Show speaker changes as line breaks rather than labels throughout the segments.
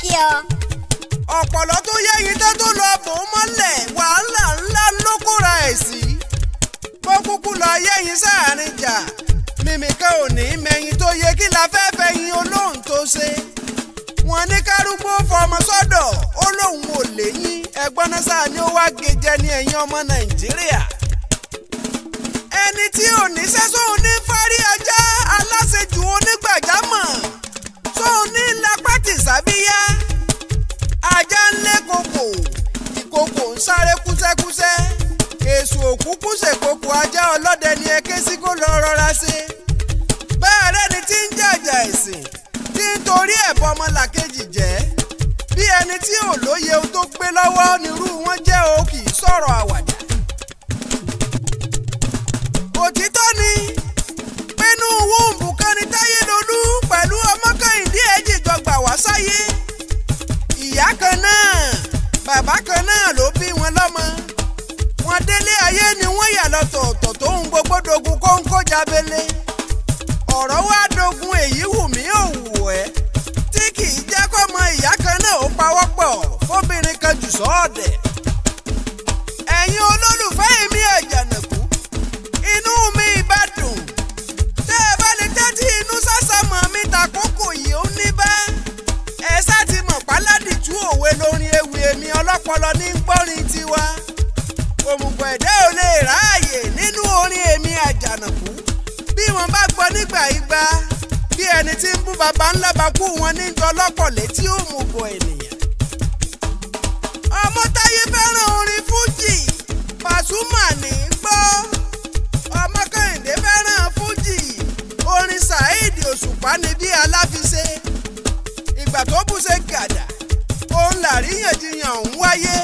kí ọ. ọ̀pọ̀lọ́ tó yẹ yìí tẹ́ tó lọ bò ó mọ́lẹ̀ wàhálà ńlá ló kóra ẹ̀ sí. bó kúkú lọ yẹ yìí sáàrin jà mímíkà ò ní mẹyin tó yẹ kí la fẹ́ fẹ̀yìn olóhùn tó ṣe. wọ́n ní kárúgbó fọmọ sọ́dọ̀ ó lóun ò léyìn ẹ̀gbọ́n náà sáà ni ó wá gé jẹ ní ẹ̀yìn ọmọ nàìjíríà. ẹni tí ò ní sẹ́sọ́ òní ìkòkò ìkòkò ń sáré kúsẹ́kúsẹ́ èso òkúkú ṣèkòkò ajá ọlọ́dẹ ni ẹ ké sí kó lọ rọra ṣe bẹ́ẹ̀ rẹ́ni tí ń jàjà ẹ̀sìn tí ń torí ẹ̀bọ ọmọlàkejì jẹ́ bí ẹni tí ò lóye ohun tó gbé lọ́wọ́ nírú wọn jẹ́ o kì í sọ̀rọ̀ àwàdà òtítọ́ ni pẹ́nu wúńbù kan ní táyé lolú pẹ̀lú ọmọkàndínlẹ́jì dọ́gba wá sáyé bàbá kan náà ló bí wọn lọ́mọ wọn délé ayé ni wọ́n yà lọ́tọ̀ọ̀tọ̀ tó ń gbogbo dogun kó ń kó jábélé ọ̀rọ̀ wá dogun èyí wù mí ò wù ẹ́ tí kì í jẹ́ kọ́mọ ìyá kan náà ó pawọ́pọ̀ fóbìnrin kan jù sọ́ọ̀dẹ̀ ẹ̀yin olólùfẹ́ mi Àjànàkú inú mi bá dùn tẹ́ ẹ bá lè tẹ́tí inú sásàmọ́ mi tàkókò yìí ó ní bá ẹ sá ti mọ̀ páládìtú òwe lórí ẹ èmi ọlọ́pọlọ ní ń gbọ́rin tiwa òmùgọ̀ ẹ̀dá ò lè ráàyè nínú orin èmi àjànàkú bí wọ́n bá gbọ́ nígbà igba bí ẹni tí ń bú baba ńlá bá kú wọn ní jọ lọ́pọ̀ létí òmùgọ̀ ènìyàn. ọmọtáyé fẹ́ràn orin fújì pàṣùmà ní gbọ́ ọmọ kẹ́hìndé fẹ́ràn fújì orin saheed òṣùpá ni bí aláfiṣe ìgbà tó bú ṣe gàdà làríyànjiyàn ń wáyé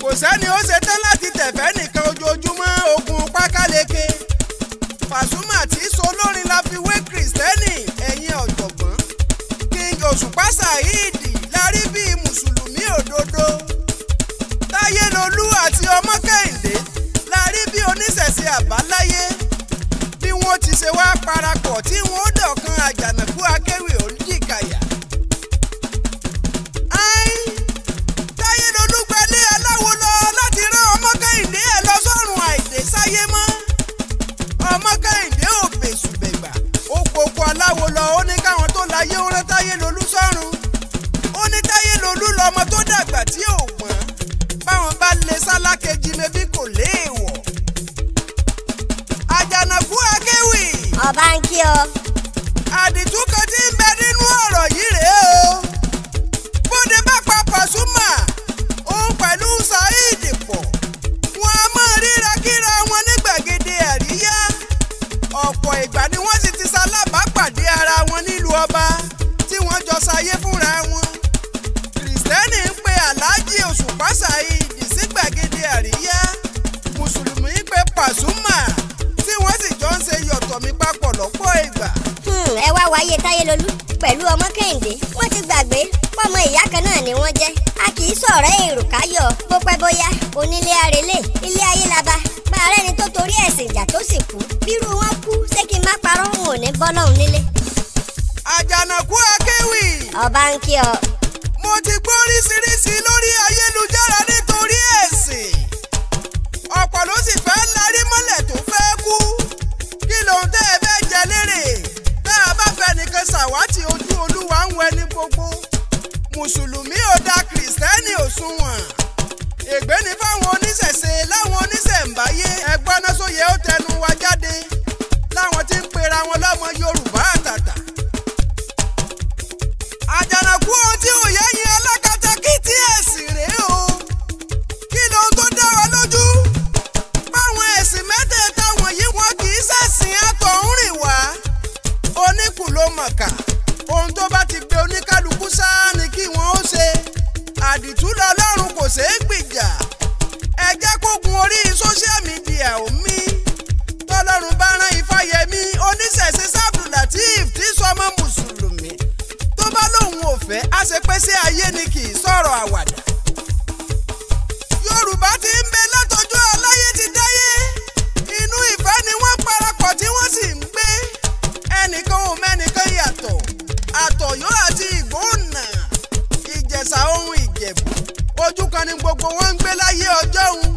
kò sẹ́ni ó ṣetán láti tẹ̀fẹ́ nìkan ojoojúmọ́ ogun pákáleke Pasuma tí solórin la fi wé kìrìsìtẹ́nì ẹ̀yin ọ̀jọ̀gbọ́n King Òṣùpá Saheed la rí bíi mùsùlùmí òdodo Táyélolú àti ọmọ Kẹ́hìndé la rí bíi oníṣẹ̀ṣe àbáláyé bí wọ́n ti ṣe wá parapọ̀ tí wọ́n dọ̀kan àjànà Àbáṣà ìdì sí gbàgede àríyá mùsùlùmí pé Pàṣúmà tí wọ́n sì jọ ń ṣe yọ̀tọ̀
mi papọ̀ lọ́pọ̀ ìgbà. Hmm, ẹ wá wáyé Táyélolú pẹ̀lú ọmọ Kẹ́hìndé wọ́n ti gbàgbé pọ́mọ ìyá kan náà ni wọ́n jẹ́ a kì í sọ̀rọ̀ èrò káyọ̀ bó pẹ́ bóyá onílé arélé ilé ayé laba bá arẹ́ni tó torí ẹ̀sìn ìjà tó sì kú bírú wọn kú ṣé kí n má parọ́ òun ò ní bọ́ lọ́hùn nílé. àjànàkú akéwì. ọba ń kí ọ. mo ti gbóríṣiríṣi lórí ayé.
ṣe ṣàwátì ojú olúwa ń wẹni gbogbo mùsùlùmí ò da kìrìsìtẹ́nì òṣùwọ̀n ègbé ni fáwọn oníṣẹ̀ṣe láti. ṣe pé ṣé ayé ni kì í sọ̀rọ̀ àwàdà. Yorùbá ti ń bẹ látọjú aláyé ti dáyé inú ìfẹ́ ni wọ́n parapọ̀ tí wọ́n sì ń gbé ẹnìkan ò mẹ́nìkan yàtọ̀ àtọ̀yọ́ àti ìgbóhùnà ìjẹ̀ṣà ohun ìjẹ̀bú ojú kan ni gbogbo wọn ń gbé láyé ọjọ́ òun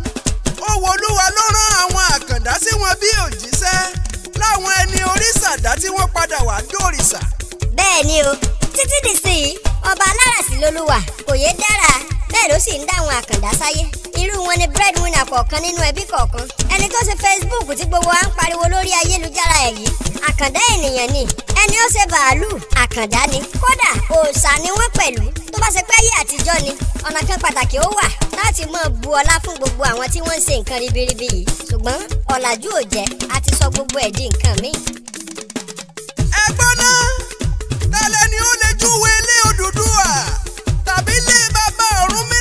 ó wo ló rán àwọn àkàndá sí wọn bí òjíṣẹ́ láwọn
ẹni oríṣàdá tí wọ́n padà wá dòrìṣà. bẹ́ẹ̀ ni o títí dìsín ọba alára sí lolúwa kò yé dára bẹ́ẹ̀ ló sì ń dá àwọn àkàndá sáyé irú wọn ni breadwinner kọ̀ọ̀kan nínú ẹbí kọ̀ọ̀kan ẹni tó ṣe Facebook tí gbogbo wa ń pariwo lórí ayélujára ẹ̀ yìí àkàndá ènìyàn ni ẹni ó ṣe bàálù àkàndá ni kódà òòṣà ni wọ́n pẹ̀lú tó bá ṣe pé ayé àtijọ́ ni ọ̀nà kan pàtàkì ó wà láti máa bu ọlá fún gbogbo àwọn tí wọ́n ń ṣe nǹkan ribiribi yìí ṣùgbọ́n ọ̀làjú ò jẹ́ a ti sọ gbogbo ẹ̀ di nǹkan míì. ẹ
Olúwa tàbí lé bàbá ọ̀run mẹ́.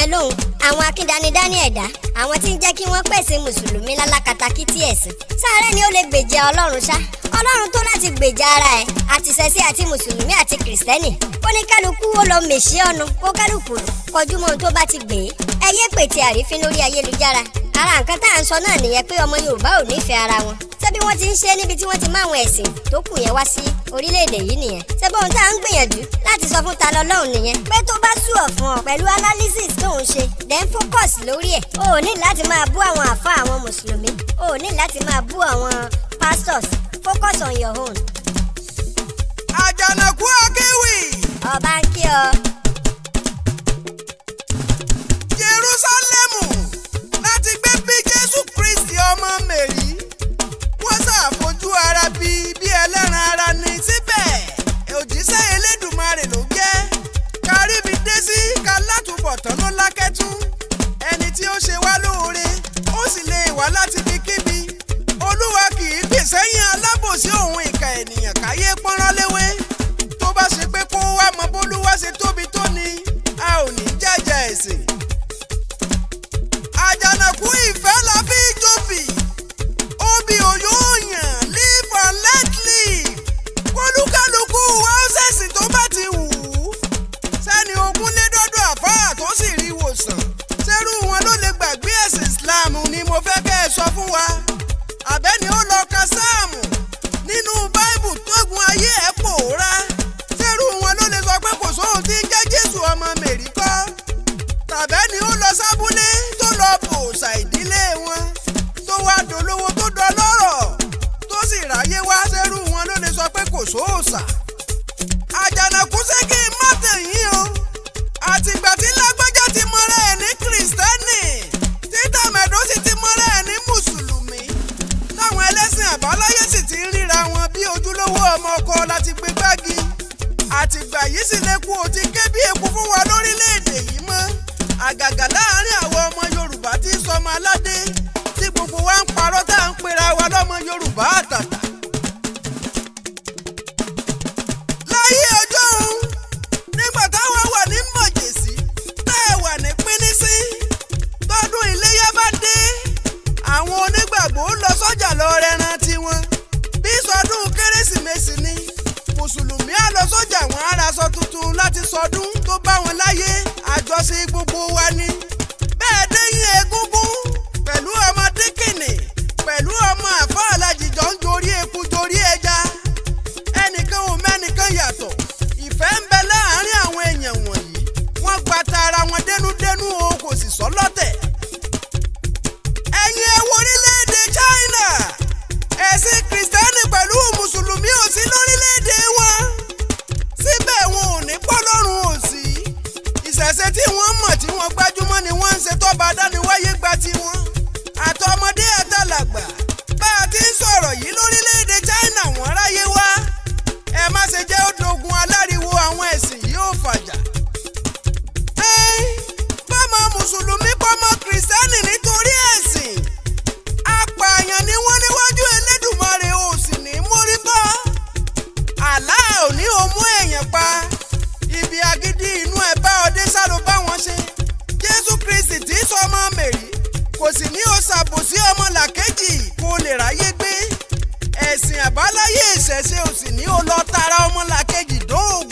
yẹn lóhùn àwọn akíndanidání ẹ̀dá àwọn tí ń jẹ́ kí wọ́n pẹ̀sìn mùsùlùmí lálákatakítí ẹ̀sìn sáré ni ó lè gbèjà ọlọ́run ṣá ọlọ́run tó láti gbèjà ara ẹ̀ àti sẹ́sí àti mùsùlùmí àti kìrìsìtẹ́nì ó ní kálukú ó lọ mèṣí ọ̀nà kó kálukú kọjú mọ́ ohun tó bá ti gbé e ẹ yé pètè àrífín lórí ayélujára ara nǹkan tá à ń sọ náà nìyẹn pé ọmọ Yorùbá ò nífẹ̀ẹ́ ara wọn ṣé bí wọ́n ti ń ṣe níbi tí wọ́n ti máa wọn ẹ̀sìn tó kù yẹn wá sí orílẹ̀-èdè yìí nìyẹn ṣé bóun tá à ń gbìyànjú láti sọ fún Tani Olohun nìyẹn pé tó bá sú ọ̀ fún ọ pẹ̀lú analysis tó ń ṣe then focus lórí ẹ̀ o ò ní láti máa bú àwọn àfa àwọn mùsùlùmí o ò ní láti máa bú àwọn pastors focus on your own
àṣà àjànàkú ṣé kí n má tẹ̀yìn o àtìgbà tí lágbájá ti mọ́ra ẹ̀ ní kìrìsìtẹ́nì títà mẹ́dó sì ti mọ́ra ẹ̀ ní mùsùlùmí táwọn ẹlẹ́sìn àbáláyé sì ti ń ríra wọn bí ojúlówó ọmọ ọkọ láti gbé gbági àtìgbà yìí sì lè kú òtí ké bí eku fún wa lórílẹ̀ yìí mọ́ àgàgà láàárín àwọn ọmọ Yorùbá tí sọmọ alá sì ní o ṣàbòsí ọmọ làkejì kó o lè ráyé gbé ẹ̀sìn àbáláyé ìṣẹ̀ṣe ò sì ní o lọ tara ọmọ làkejì dóògùn.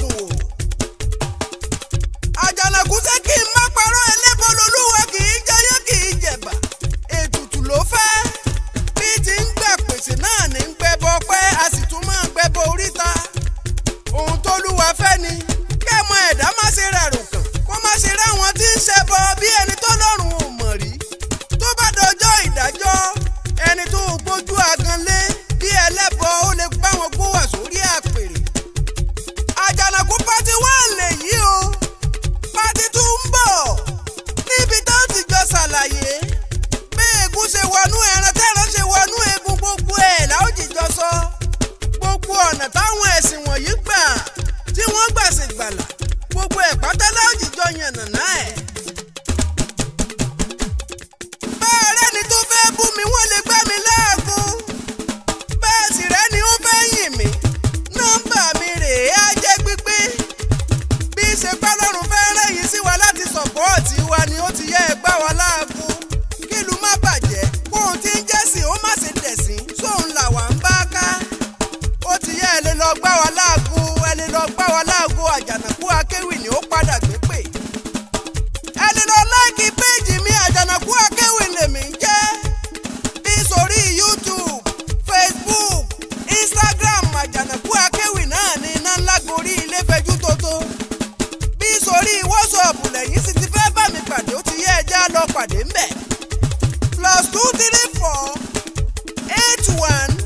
lọ pàdé ńbẹ̀ plus two three four eight one.